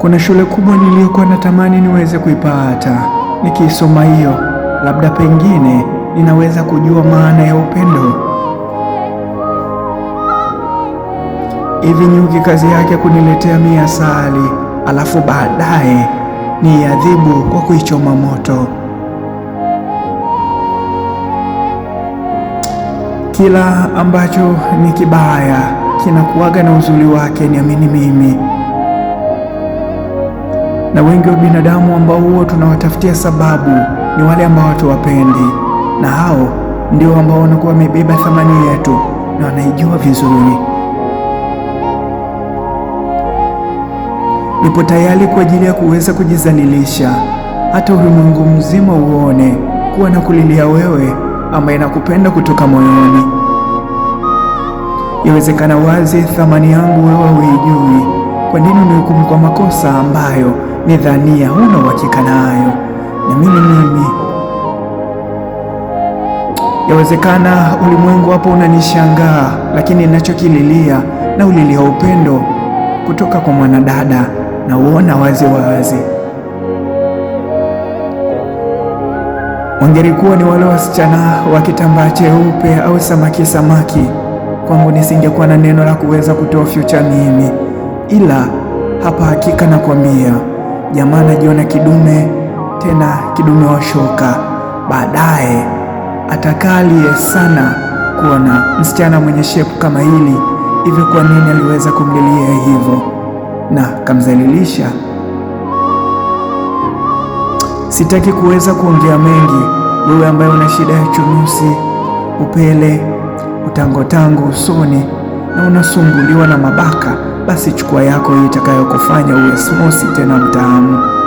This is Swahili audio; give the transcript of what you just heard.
Kuna shule kubwa niliyokuwa natamani niweze kuipata. Nikiisoma hiyo, labda pengine ninaweza kujua maana ya upendo. Hivi nyuki kazi yake kuniletea mia asali, alafu baadaye niadhibu kwa kuichoma moto. Kila ambacho ni kibaya kinakuwaga na uzuri wake, niamini mimi na wengi wa binadamu ambao huwa tunawatafutia sababu ni wale ambao hatuwapendi, na hao ndio ambao wanakuwa wamebeba thamani yetu na wanaijua vizuri. Nipo tayari kwa ajili ya kuweza kujizalilisha, hata ulimwengu mzima uone kuwa na kulilia wewe ambaye nakupenda kutoka moyoni. Yawezekana wazi thamani yangu wewe huijui. Kwa nini unihukumu kwa makosa ambayo ni dhania, huna uhakika nayo. Na mimi mimi, yawezekana ulimwengu hapo unanishangaa, lakini ninachokililia na ulilia upendo kutoka kwa mwanadada, na uona wazi wazi. Wangelikuwa ni wale wasichana wa kitambaa cheupe au samaki samaki, kwangu nisingekuwa na neno la kuweza kutoa future mimi, ila hapa hakika nakwambia jamaa anajiona kidume tena kidume wa shoka. Baadaye aliye sana kuona msichana mwenye shepu kama hili, hivyo kwa nini aliweza kumlilia hivyo na kamzalilisha? Sitaki kuweza kuongea mengi. Wewe ambaye una shida ya chunusi, upele, utangotango usoni na unasumbuliwa na mabaka, basi chukua yako hii itakayokufanya uwe smosi tena mtaamu.